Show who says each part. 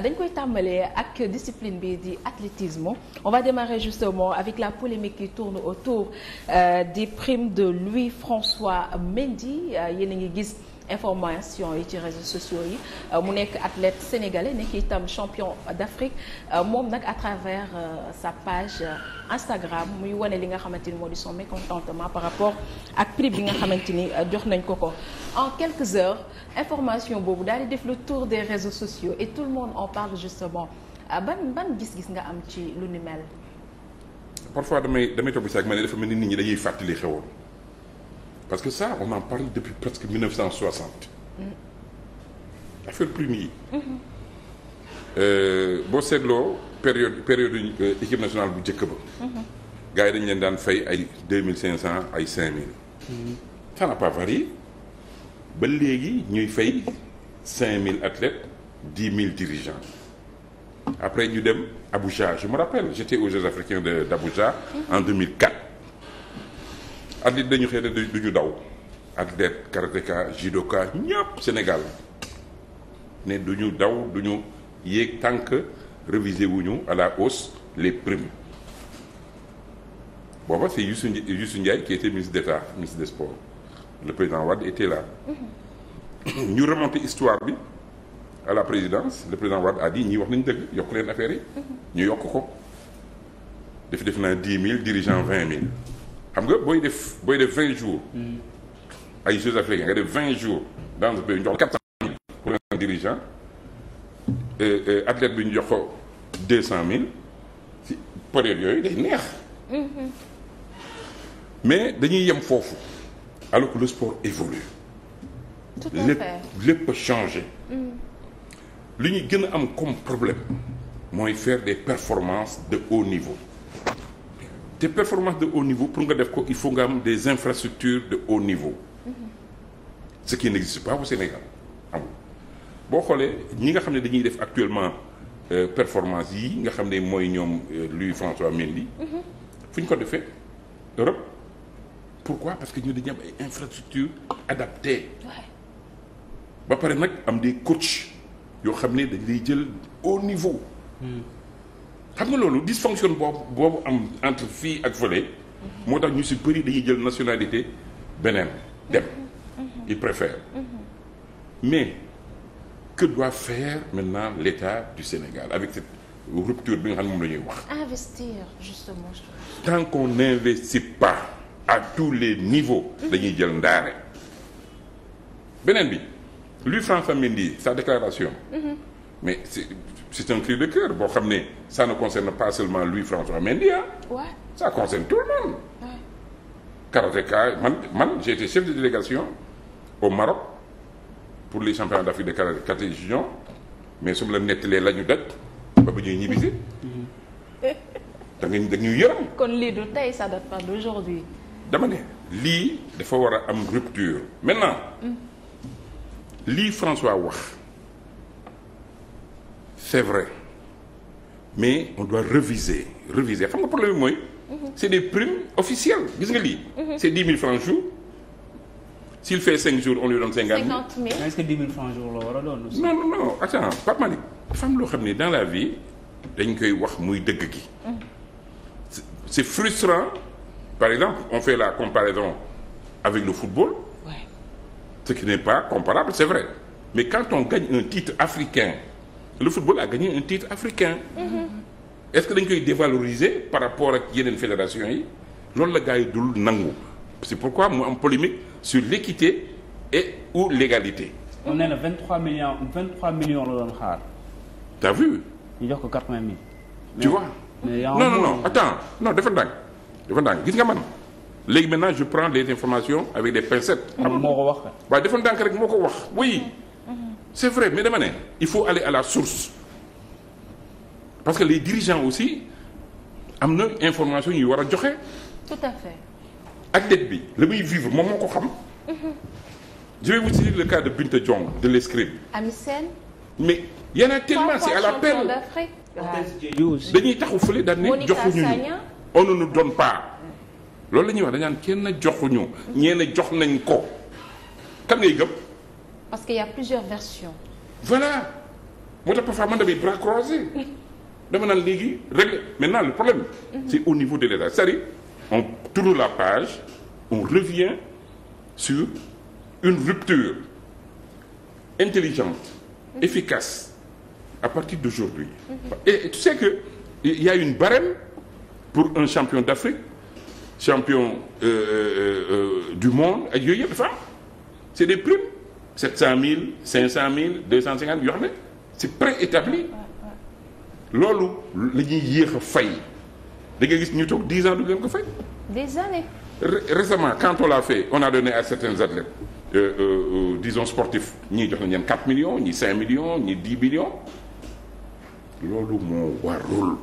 Speaker 1: dañ koy tàmbalee ak discipline bi di athlétisme on va démarrer justement avec la polémique qui tourne autour euh, des primes de Louis François Mendy euh, yéen a ngi gis information yi ci réseaux sociaux yi euh, mu nekk athlète sénégalais nekk itam champion d'Afrique euh, moom nag à travers euh, sa page Instagram muy wane li nga xamante ni moo di son mécontentement par rapport
Speaker 2: ak prix bi nga xamante ni jox nañ ko
Speaker 1: ko en quelques heures information boobu daal di def le tour des réseaux sociaux et tout le monde en parle justement ban ban gis-gis nga am ci lu ni mel.
Speaker 2: parfois damay damay toog si ak dafa mel nit ñi dañuy fàttali xewoon. parce que ça on en parle depuis presque 1960. affaire plume yi. boo seetloo période période euh, équipe nationale bu njëkk ba. Mhm. gars yi dañu leen daan fay ay deux mille cinq cent ay cinq mille. Mhm. ça n'a pas varié ba léegi ñuy fay cinq mille athlètes dix mille dirigeants après ñu dem Abuja je me rappelle j'étais aux Jeux africains de d'Abuja mhm. en athlète dañu xëy na du ñu daw athlète karatéka judoka ñëpp Sénégal ne du ñu daw du ñu yéeg tànk révisé wuñu à la hausse les primes booba c'est Youssou Ndiaye Youssou Ndiaye qui était ministre d'État ministre des Sports le président Wade était là mm-hmm. ñu remonté histoire bi à la présidence le président Wade a dit wax nañu dëgg yokk leen affaire yi mm-hmm. ñu yokk ko def def naa dix mille dirigeant vingt mille xam nga booy def booy def vingt jours. Mm. ay Jeux africains nga def vingt jours dans ce pays ñu jox quatre cent mille pour un dirigeant athlète bi ñu jox ko deux cent mille si période yooyu neex. Mm-hmm. mais dañuy yem foofu alors que le sport évolue. tout à fait lépp mm. li ñu gën a am comme problème mooy fair des performance de haut niveau. te performance de haut niveau pour nga def ko il faut nga am des infrastructures de haut niveau ce qui n'existe pas au Sénégal amul ah boo xoolee ñi nga xam ne dañuy def actuellement euh, performance yi nga xam ne mooy ñoom euh, Louis François Mendy fu ñu ko defee Europe pourquoi parce que ñu dañu am ay infrastructures adaptées ba pare nag am des coachs yoo xam ne dañ lay jël haut niveau hmm. xam nga loolu dysfonction boobu boobu am entre fii ak vole moo tax ñu si bëri dañuy jël nationalité beneen dem mhm. ils préfèrent mhm. mais que doit faire maintenant l'État du Sénégal avec cette rupture bi nga xam ne moom la ñuy wax
Speaker 1: investir justement
Speaker 2: tant qu'on a pas tous les niveaux mhm. dañuy jël ndaare beneen bi lui François Mendy sa déclaration mm mais c'est c'est un cri de cœur boo xam ne ça ne concerne pas seulement lui François Mendia
Speaker 1: ouais. ça concerne tout le monde ouais.
Speaker 2: karatéka man man j'ai été chef de délégation au Maroc pour les championnats d'Afrique de karaté junior mais su ma la nettalee la ñu daj ba ba ñuy ñibbisi da nga da ñuy yërëm
Speaker 1: kon lii du tey ça date pas d'aujourd'hui
Speaker 2: dama ne lii dafa war a am rupture maintenant mm. li François wax c'est vrai mais on doit réviser réviser xam nga problème mooy. c'est des primes officielles gis nga lii. Mhm. c'est dix mille francs jour. s'il fait cinq jours on lui donne cinquante mille. cinquante mille est-ce a non non non attends Pape Malick dafa am loo xam ne dans la vie dañ koy wax muy dëgg gi. Mhm. c'est frustrant par exemple on fait la comparaison avec le football. Ouais. ce qui n'est pas comparable c'est vrai mais quand on gagne un titre africain. le football a gagné un titre africain.
Speaker 1: Mm-hmm.
Speaker 2: est-ce que dañ koy dévaloriser par rapport ak yeneen fédération yi loolu la gars yi dul nangu c'est pourquoi mu am polémique sur l'équité et ou l'égalité. on ne na 23 millions 23 millions la doon xaar. t'as vu. ko 80 000. tu vois mais non non non attends non dafa ndànk dafa ndànk nga man léegi maintenant je prends les informations avec des pincettes. moo ko wax waaye dafa ndànk rek moo ko wax oui. c'est vrai mais dama ne il faut aller à la source parce que les dirigeants aussi am na information yu war a joxe. tout à bi la muy vivre moom moo ko xam. Mhm. je vais vous dire le cas de Binta Diong de l'escrime. Ami Sène. mais y en a tellement c'est à la dañuy taxu fële daan ne joxuñu
Speaker 1: ñu
Speaker 2: loolu la ñuy wax dañu naan kenn joxuñu. Mhm. ñeena jox nañ ko. kan ngay gëm.
Speaker 1: parce qu'il y a plusieurs versions.
Speaker 2: voilà moo tax parfois man damay bras croisés dama naan léegi régler maintenant le problème. Mhm. c'est au niveau de l'État c'est-à-dire on tourne la page on revient sur une rupture intelligente mhm. efficace à partir d'aujourd'hui mhm. et, et tu sais que il y a une barème pour un champion d'Afrique champion euh, euh, euh, euh du monde ak yooyu yëpp dafa am mille 700000 500000 250 yoo xam ne c'est préétabli loolu la ñuy yéex a fay da nga gis ñu toog 10 ans du leen ko fay. des années. récemment quand on l'a fait on a donné à certains athlètes euh, euh, euh disons sportifs ñii jox nañ leen 4 millions ñii 5 millions ñii 10 millions
Speaker 1: loolu moo warul.